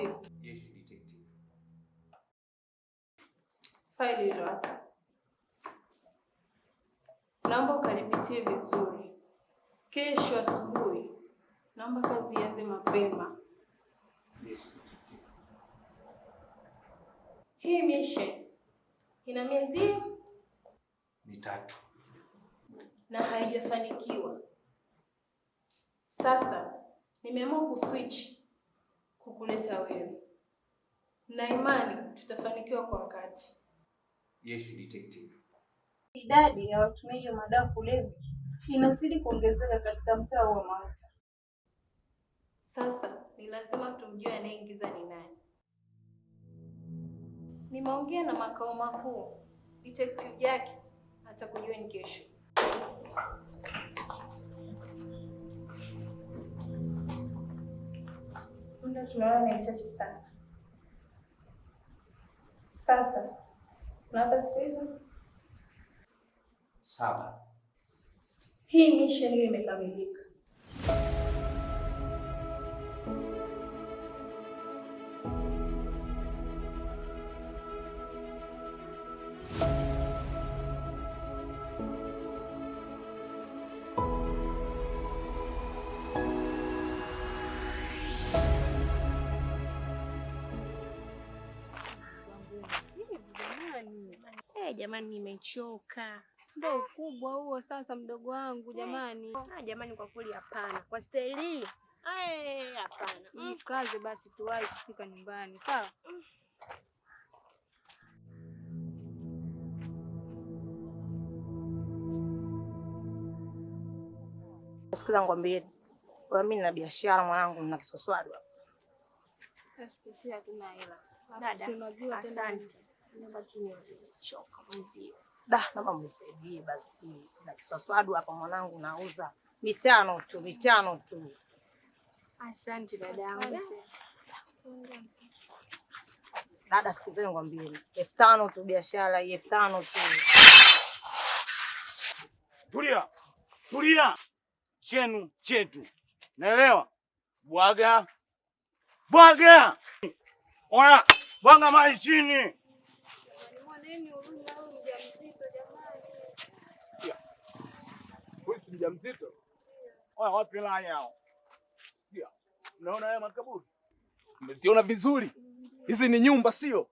Detective. Yes, detective. Faili hilo hapa. Naomba ukalipitie vizuri. Kesho asubuhi naomba kazi ianze mapema. Yes, detective. Hii mission ina miezi mitatu na haijafanikiwa. Sasa nimeamua kuswitch kukuleta wewe, na imani tutafanikiwa kwa wakati. Yes, detective. Idadi ya watumiaji wa madawa kulevya inazidi kuongezeka katika mtaa wa Mwanza. Sasa ni lazima tumjue anayeingiza ni nani. Nimeongea na makao makuu, detective Jackie atakujua ni kesho. muda tunaona ni mchache sana. Sasa tunawapa siku hizo saba. Hii misheni hiyo imekamilika. jamani, nimechoka. Ndo ukubwa huo sasa, mdogo wangu jamani. Ah, jamani, kwa kweli hapana, kwa staili hii eh, hapana. Mkaze mm, basi tuwahi kufika nyumbani, sawa? Sikiza ngwambie, kwa mimi na biashara mwanangu, na kisoswadu asante. Da, naomba mnisaidie basi na kiswaswadu hapa, mwanangu nauza mitano tu mitano tu. Asante dadangu. Dada, sikizeni ngwambie, elfu tano tu biashara hii, elfu tano tu. Tulia tulia, chenu chetu, naelewa. Bwaga bwaga, ona bwaga maji chini mjamzito wapi Unaona haya makaburi vizuri, hizi ni nyumba sio?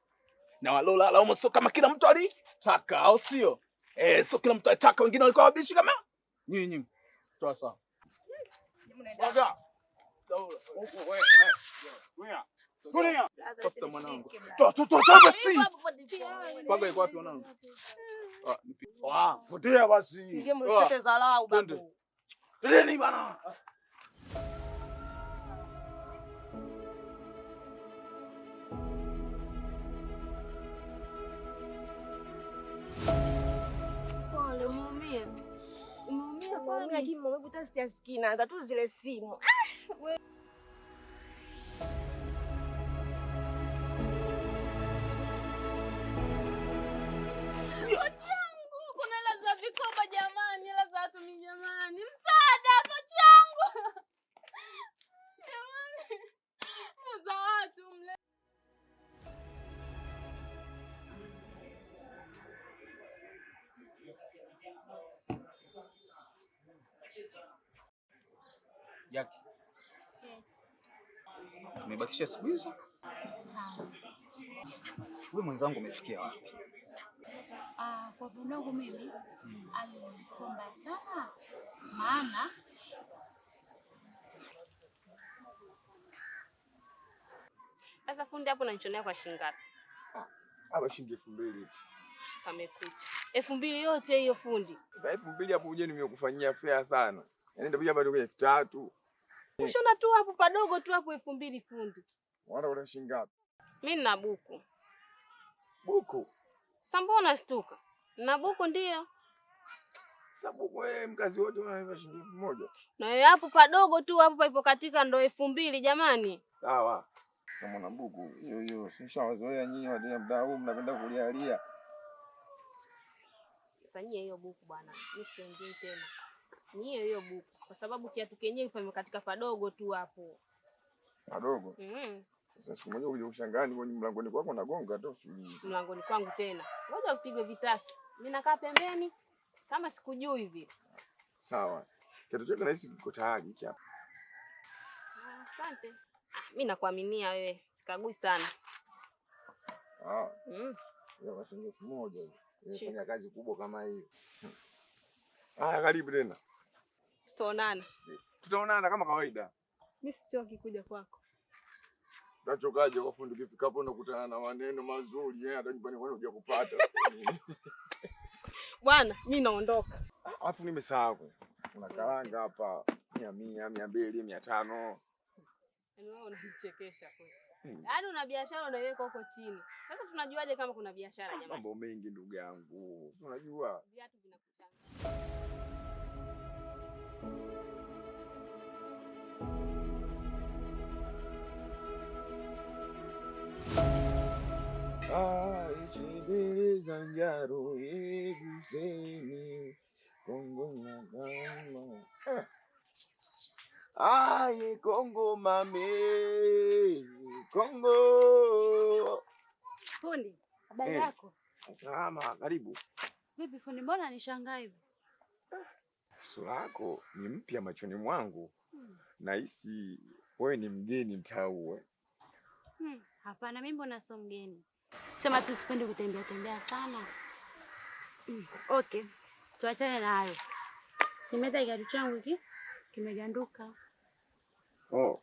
Na walolala humo sio kama kila mtu alitaka, au sio? Eh, sio kila mtu alitaka, wengine walikuwa wabishi kama nyinyi. Sawa sawa. Mwanangu, toa toa toa basi. Panga iko wapi mwanangu? Ah, ah, potea basi. Ah, Twendeni bana. Umeumia kwa nini? Lakini mwanangu tasikia sikinaanza tu zile simu. Jackie. Yes. Umebakisha siku hizo? Wewe mwenzangu umefikia wapi? Ah, kwa vunangu mimi hmm, alisomba sana maana Sasa fundi hapo unanichonea kwa shilingi ngapi? Ah, hapa shilingi elfu mbili Pamekucha. Elfu mbili yote hiyo fundi. Sasa elfu mbili hapo uje nimekufanyia fair sana. Yaani ndio hapa ndio elfu tatu kushona tu hapo padogo tu hapo elfu mbili fundi. Wana una shilingi ngapi? Mimi nina buku. Buku? Sambona stuka. Na buku ndio. Sababu wewe mkazi wote unaweza shilingi elfu moja. Na yeye hapo padogo tu hapo palipo katika ndo elfu mbili jamani. Sawa. Kama na buku hiyo hiyo sishawazoea nyinyi wadia mdaa huu mnapenda kulialia. Fanyia hiyo buku bwana. Mimi siongei tena. hiyo hiyo buku kwa sababu kiatu kenyewe katika padogo tu hapo padogo. Mm. Mm-hmm. Sasa siku moja kuja kushangani kwenye mlangoni kwako nagonga tu usiulize. Mlangoni kwangu tena, ngoja upigwe vitasi, mimi nakaa pembeni kama sikujui hivi. Sawa, kiatu chako nahisi kiko tayari hiki hapa. Ah, asante. Ah, mimi nakuaminia wewe, sikagui sana. Ah. Mm. Ya shilingi elfu moja. Inafanya kazi kubwa kama hiyo. Haya, karibu tena tutaonana. Tutaonana kama kawaida. Mimi sitoki kuja kwako. Unachokaje kwa fundi kifika hapo unakutana na maneno mazuri, yeye eh, hata nyumbani kwani huja kupata. Bwana, mimi naondoka. Alafu nimesahau. Kuna karanga hapa mia mia, mia mbili, mia tano. Yaani wewe kweli. Hmm. Yaani una biashara unaiweka huko chini. Sasa tunajuaje kama kuna biashara ah, jamani? Mambo mengi ndugu yangu. Unajua. Viatu vinakuchanga. Aye Congo, mame, Congo. Fundi, habari hey, eh, Salama, karibu. Vipi fundi, mbona nishangaa hivi? Sura yako ni mpya machoni mwangu. Hmm. Nahisi wewe ni mgeni mtaa huu. Hmm, hapana mimi mbona sio mgeni. Sema tu sipendi kutembea tembea sana. Hmm, okay. Tuachane na hayo. Nimeta gari changu hiki kimeganduka. Oh.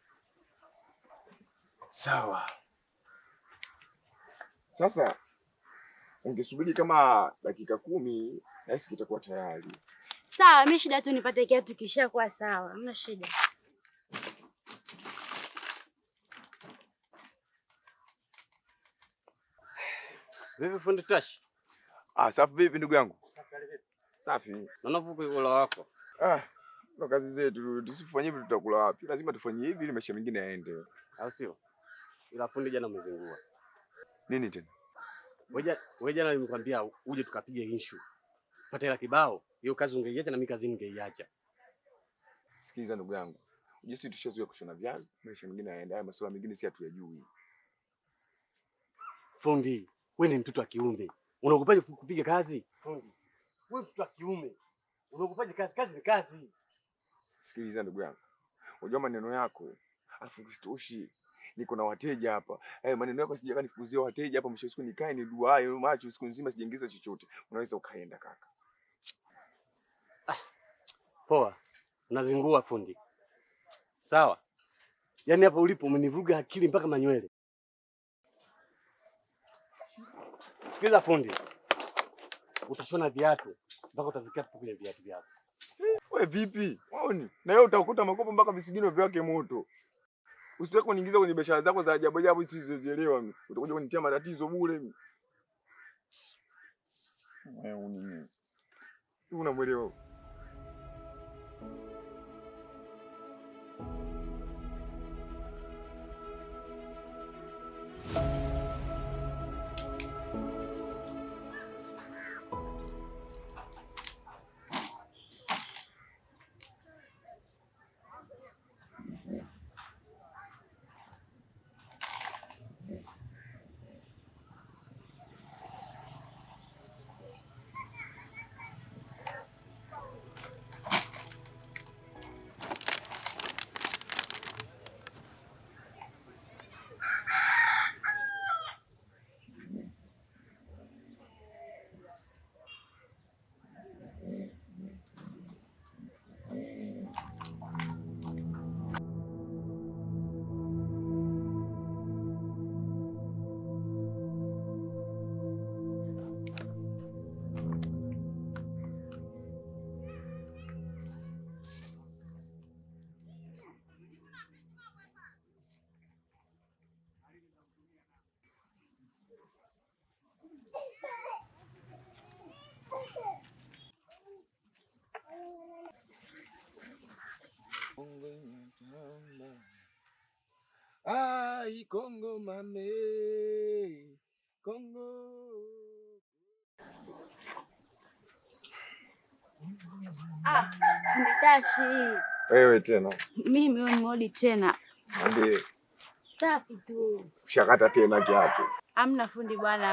Sawa. Sasa ungesubiri kama dakika kumi nasi kitakuwa tayari. Sawa, mi shida tu nipate kiatu kisha kuwa sawa, hamna shida. Vipi fundi Tashi? Ah, safi. Vipi ndugu yangu? Safi. Naona vuko ula wako. Ah ndo kazi zetu, tusifanye hivi tutakula wapi? Lazima tufanye hivi ili maisha mengine yaende, au sio? Ila fundi jana umezingua nini tena? Wewe jana nimekwambia uje tukapige inshu pata hela kibao, hiyo kazi ungeiacha na mimi kazi ningeiacha. Sikiliza ndugu yangu, jinsi tushazoea kushona viazi, maisha mengine yaende, haya masuala mengine si hatuyajui. Fundi wewe ni mtoto wa kiume, unaogopaje kupiga kazi? Fundi wewe mtoto wa kiume, unaogopaje kazi? Kazi ni kazi. Sikiliza ndugu yangu, unajua maneno yako alafu kisitoshi, niko na wateja hapa. Eh, maneno yako sijaka nifukuzia wateja hapa, mwisho siku nikae ni duae macho siku nzima sijaingiza chochote. Unaweza ukaenda kaka. Ah, poa, nazingua fundi. Sawa, yaani hapa ulipo umenivuruga akili mpaka manywele. Sikiliza fundi, utashona viatu mpaka utazikia kwenye viatu vyako We vipi? Waoni? Na wewe utakuta makopo mpaka visigino vyake moto. Usitaki kuniingiza kwenye biashara zako za ajabu ajabu hizo sizielewa mimi. Utakuja kunitia matatizo bure mimi. Wewe unini? Unamwelewa? Ay, Kongo mame, Kongo. Ah, nitashi. Wewe tena. Mimi wewe modi tena. Ndiye. Safi tu. Shakata tena kiapo. Amna fundi bwana,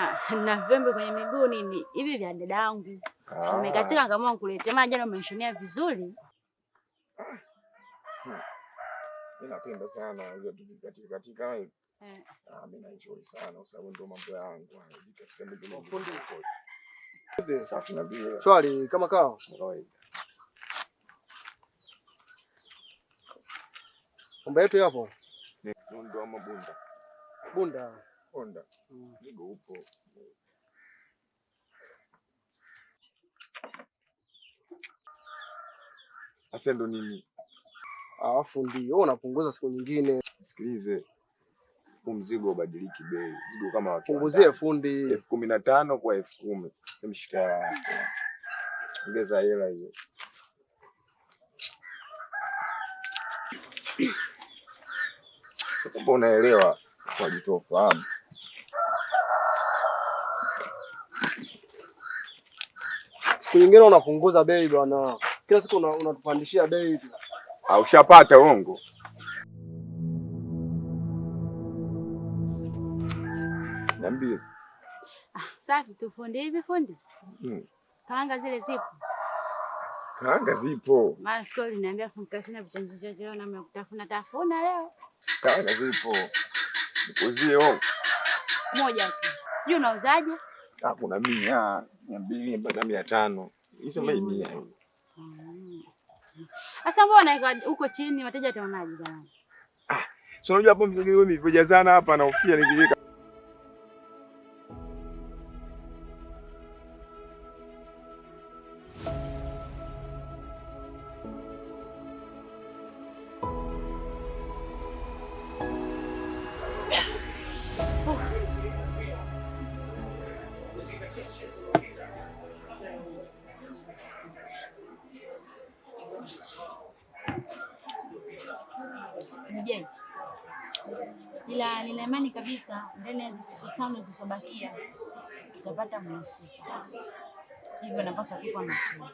na vembe kwenye miguu nini? Hivi vya dadangu umekatika, ah. kama kuletea maji na umenishonea vizuri. Ah. Napenda sana katika katika. Eh. Ah, mimi naenjoy sana kwa sababu ndio mambo yangu. Swali kama kawa omba yetu yapo bunda bunda bunda, mzigo mm. upo. Asa ndo nini? Alafu ndio unapunguza siku nyingine. Sikilize, huu mzigo ubadiliki bei, mzigo kama wake punguzie fundi elfu kumi na tano kwa elfu kumi mshika, ongeza hela hiyo. Sasa unaelewa, wajitoa fahamu siku nyingine unapunguza bei bwana kila siku unatupandishia una bei. Aushapata ah, uongo niambie. Ah, safi tu fundi. Hivi fundi, hmm. Kaanga zile zipo? Kaanga zipo. Maskoli niambia fundi, kasina vichanjo chanjo leo, namna kutafuna tafuna leo. Kaanga zipo, nikuzie wewe moja tu, sijui unauzaje? Ah, kuna mia mia mbili mpaka mia tano, hizo bei mia hmm. Ah. Sasa mbona huko chini wateja wataonaje jamani? Ah, so unajua hapo mzigo umevijazana hapa na ufia nikiweka Mjeni, ila nina imani kabisa ndani ya siku tano zilizobakia tutapata mhusika, hivyo napaswa kuwa makini.